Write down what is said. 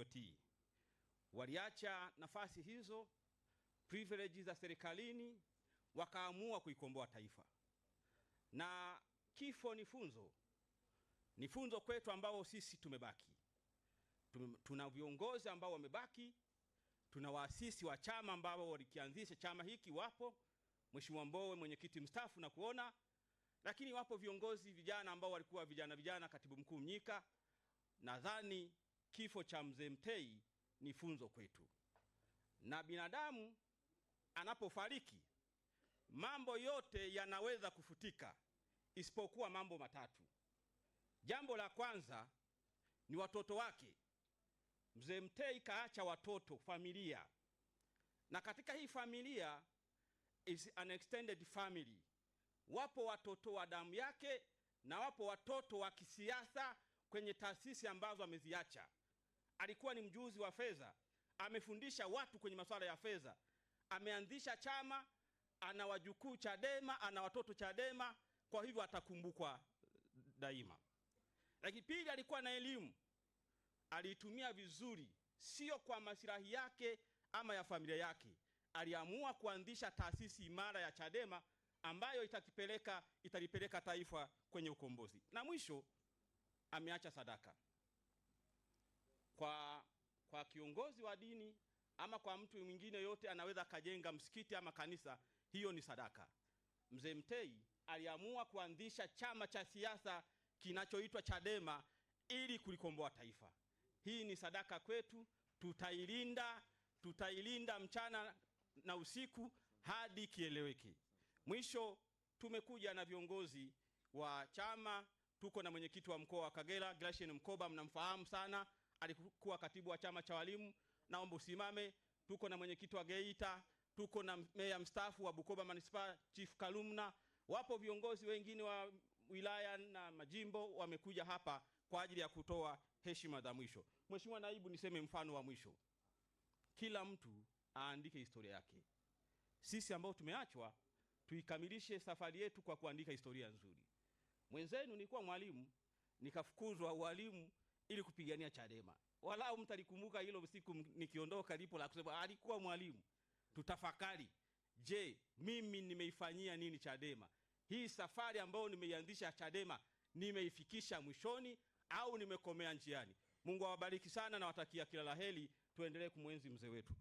waliotii. Waliacha nafasi hizo privilege za serikalini, wakaamua kuikomboa taifa, na kifo ni funzo, ni funzo kwetu ambao sisi tumebaki. Tuna viongozi ambao wamebaki, tuna waasisi wa chama ambao walikianzisha chama hiki, wapo Mheshimiwa Mbowe mwenyekiti mstaafu na kuona, lakini wapo viongozi vijana ambao walikuwa vijana vijana, katibu mkuu Mnyika nadhani kifo cha mzee Mtei ni funzo kwetu, na binadamu anapofariki mambo yote yanaweza kufutika isipokuwa mambo matatu. Jambo la kwanza ni watoto wake. Mzee Mtei kaacha watoto, familia, na katika hii familia is an extended family, wapo watoto wa damu yake na wapo watoto wa kisiasa kwenye taasisi ambazo ameziacha alikuwa ni mjuzi wa fedha, amefundisha watu kwenye masuala ya fedha, ameanzisha chama, ana wajukuu Chadema, ana watoto Chadema, kwa hivyo atakumbukwa daima. Lakini pili, alikuwa na elimu, aliitumia vizuri, sio kwa masilahi yake ama ya familia yake. Aliamua kuanzisha taasisi imara ya Chadema ambayo itakipeleka italipeleka taifa kwenye ukombozi. Na mwisho, ameacha sadaka kwa kiongozi wa dini ama kwa mtu mwingine yote anaweza akajenga msikiti ama kanisa, hiyo ni sadaka. Mzee Mtei aliamua kuanzisha chama cha siasa kinachoitwa Chadema ili kulikomboa taifa. Hii ni sadaka kwetu, tutailinda, tutailinda mchana na usiku hadi kieleweke. Mwisho, tumekuja na viongozi wa chama, tuko na mwenyekiti wa mkoa wa Kagera Glashen Mkoba, mnamfahamu sana alikuwa katibu wa chama cha walimu, naomba usimame. Tuko na mwenyekiti wa Geita, tuko na meya mstaafu wa Bukoba Manispaa Chief Kalumna, wapo viongozi wengine wa wilaya na majimbo wamekuja hapa kwa ajili ya kutoa heshima za mwisho. Mheshimiwa Naibu, niseme mfano wa mwisho, kila mtu aandike historia yake. Sisi ambao tumeachwa tuikamilishe safari yetu kwa kuandika historia nzuri. Mwenzenu nilikuwa mwalimu nikafukuzwa ualimu ili kupigania Chadema. Walau mtalikumbuka hilo usiku nikiondoka lipo la kusema alikuwa mwalimu. Tutafakari, je, mimi nimeifanyia nini Chadema? Hii safari ambayo nimeianzisha Chadema nimeifikisha mwishoni au nimekomea njiani? Mungu awabariki sana na watakia kila la heri, tuendelee kumwenzi mzee wetu.